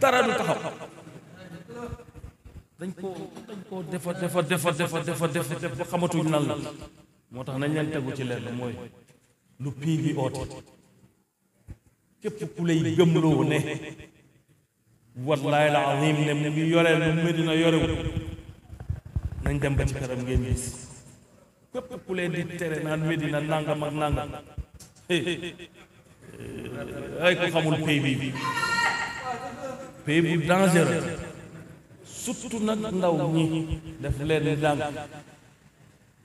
dara du taxaw dañ koo dañ koo defar defar defar defar defar defar def ba xamatuñ nan la moo tax nañ leen tegu ci lenn mooy lu pii bi oote képp ku lay gëmloo ne wallaay la azim ne mu ngi yoree lu Medina yorewul nañ dem ba ci kanam ngeen gis képp ku leen di tere naan Medina nangam ak nangam ay ko xamul pay bi bi pays bu dangereux surtout nag ndaw ñi def leen dànk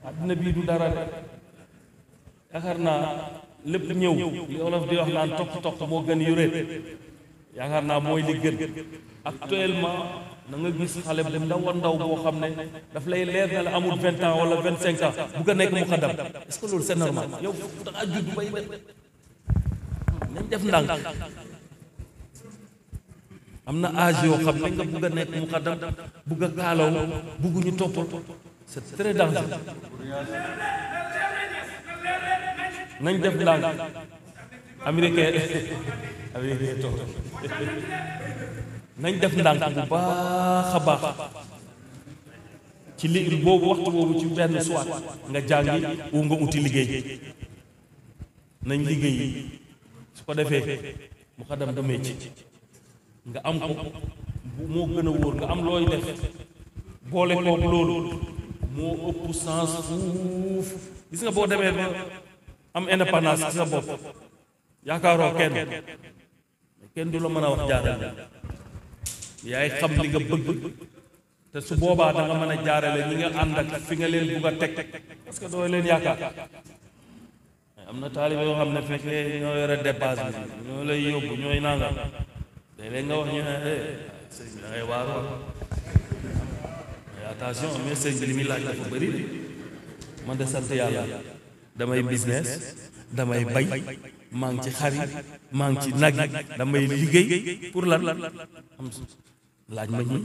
àddina bii du dara de yaakaar naa lépp ñëw li olof di wax naan toq toq moo gën yuréet yaakaar naa mooy li gën actuellement na nga gis xale bu ndaw a ndaw boo xam ne daf lay leer na la vingt ans wala vingt cinq ans bu ko nekk mu xadam est-ce que loolu c'est normal yow da ngaa judd bay def nañ def ndànk am na âge yoo xam ne nga bugg a nekk muqaddam bugg a kaalaw bugguñu topp c'est très dangereux nañ def ndànk américain américain topp nañ def ndànk bu baax a baax ci li boobu waxtu boobu ci benn soit nga jàngi wu nga uti liggéey nañ liggéey su ko defee muqaddam du métier nga am ko moo gën a wóor nga am looy def boole koog loolu moo ëpp sens fuuf gis nga boo demee ba am indépendance ci sa bopp yaakaaroo kenn kenn du la mën a wax jaaral yaay xam li nga bëgg te su boobaa da nga mën a jaarale ñi nga ànd ak fi nga leen bugg a teg parce que doo leen yaakaar am na taalibe yoo xam ne fekkee ñoo yore dépasse bi ñoo lay yóbbu ñooy nanga léeg-léeg nga wax ñu ne sëñ bi da li muy laaj dafa bëri man de sant yàlla damay business damay bay maa ngi ci xari maa ngi ci nag damay liggéey pour lan lan am laaj ma ñi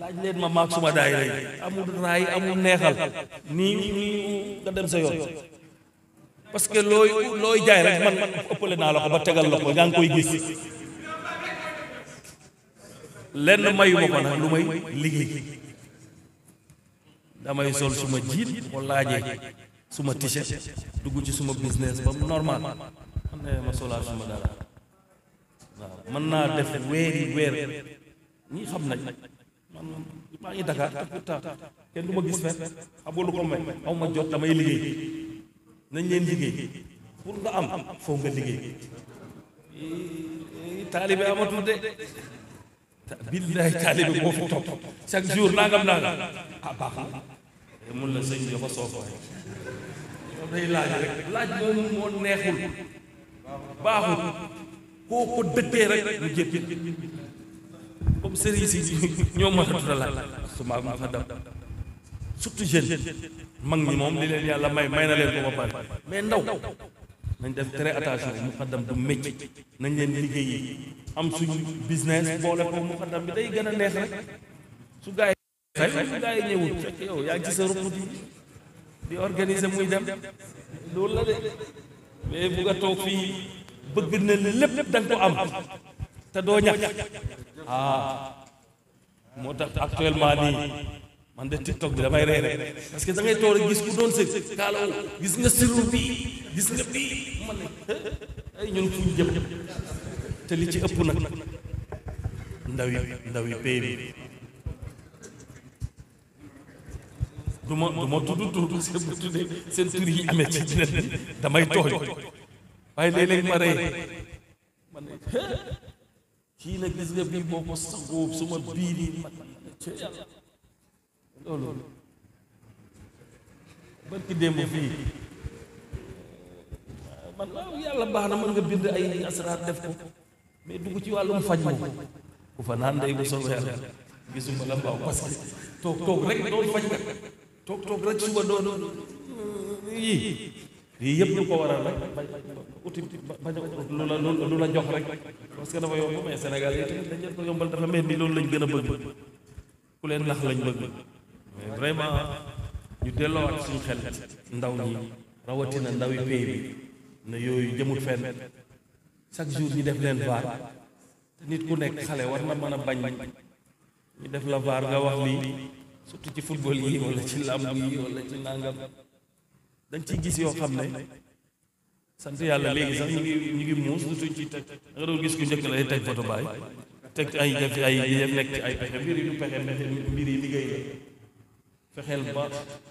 laaj leen ma maag suma daay rek amul raay amul neexal nii nga dem sa yoon parce que looy looy jaay rek man ëppale naa la ko ba tegal la ko yaa ngi koy gis lenn mayuma ko nag lu may liggéey damay sol suma jiit a laajee suma t-shirt dugg ci suma business ba mu normal man ne ma solaa suma waaw mën naa def weeri weer ñi xam nañ man maa ngi Dakar te pourtant kenn du ma gis fet xaboolu ko may aw jot damay liggéey nañ leen liggéey pour nga am foo nga liggéey taalibe amatul de billahi taalibe moo fi topp chaque jour nangam nangam ah baax na mun la sëñ bi dafa soof waaye loolu day laaj rek laaj loolu moo neexul baaxul koo ko dëkkee rek mu jëpp comme sëriñ si ñoo mën a tudd laaj su ma ma dam surtout jeune mag ñi moom li leen yàlla may may na leen ko ba pare mais ndaw nañ def très attention mu xaddam du métier nañ leen liggéey am suñ business boole ko mu xaddam bi day gën a neex rek su gaa su gaa ñëwul yow yaa ngi ci sa ruq di di organiser muy dem loolu la de mais bu toog fii bëgg na lépp lépp da nga ko am te doo ñàkk ah moo tax actuellement nii man de TikTok bi damay rey rek parce que da ngay toog gis ku doon sëg kaalaw gis nga siru bii gis nga bii man ay ñun fu ñu jëm te li ci ëpp nag ndawi ndawi pay bi du ma du ma tudd tur parce que bu tuddee seen tur yi amee ci dina damay tooy waaye léeg-léeg ma rey man kii nag gis nga bii boo suma bii loolu barki démb fii man waaw yàlla baax na mën nga bind ay asraar def ko mais dugg ci wàllum faj moom ku fa naan day bu soobee yàlla gisuma la mbaaw parce toog toog rek doon faj kat toog toog rek suba doon yii lii yëpp lu ko waral rek ba uti bañ lu la lu la jox rek parce que dafa yomb mais Sénégal yi tamit dañ leen ko yombal dafa mel ni loolu lañ gën a bëgg ku leen nax lañ bëgg mais vraiment ñu delloowaat suñu xel ndaw ñi rawatina ndawi pays bi ne yooyu jëmul fenn chaque jour ñu def leen vaar nit ku nekk xale war na mën a bañ ñu def la vaar nga wax lii surtout ci football yi wala ci làmb yi wala ci nangam dañ ciy gis yoo xam ne yàlla léegi sax ñu ngi ñu ngi muus lu suñ ciy teg nga doon gis ku njëkk lay teg foto baay teg ay ay yem nekk ci ay pexe mbir yi du pexe mbir yi liggéey la fexeel ba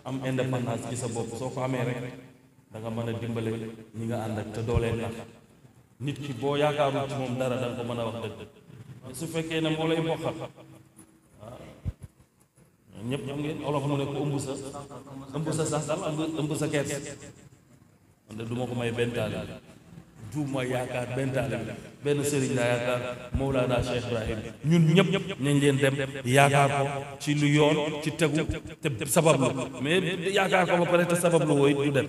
am indépendance ci sa bopp soo ko amee rek da nga mën a dimbale ñi nga ànd ak te doolee tax nit ki boo yaakaarul ci moom dara da ko mën a wax dëgg su fekkee ne moo lay mboqal waaw ñëpp xam ngeen olof mu ne ko ëmb sa ëmb sa sax dal ëmb sa kees man de du ma ko may benn taal du ma yaakaar benn taalib benn sëriñ laa yaakaar Mawlana Cheikh Ibrahim ñun ñëpp nañ leen dem yaakaar ko ci lu yoon ci tegu te sabablu mais yaakaar ko ba pare te sabablu wooy du dem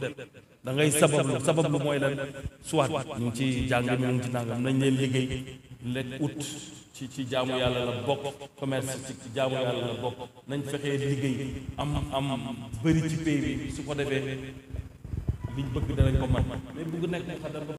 da ngay sabablu sabablu mooy lan soit ñu ngi ci jàng mi ñu ngi ci nangam nañ leen liggéey lekk ut ci ci jaamu yàlla la bokk commerce ci jaamu yàlla la bokk nañ fexee liggéey am am bëri ci pays bi su ko defee liñ bëgg danañ ko man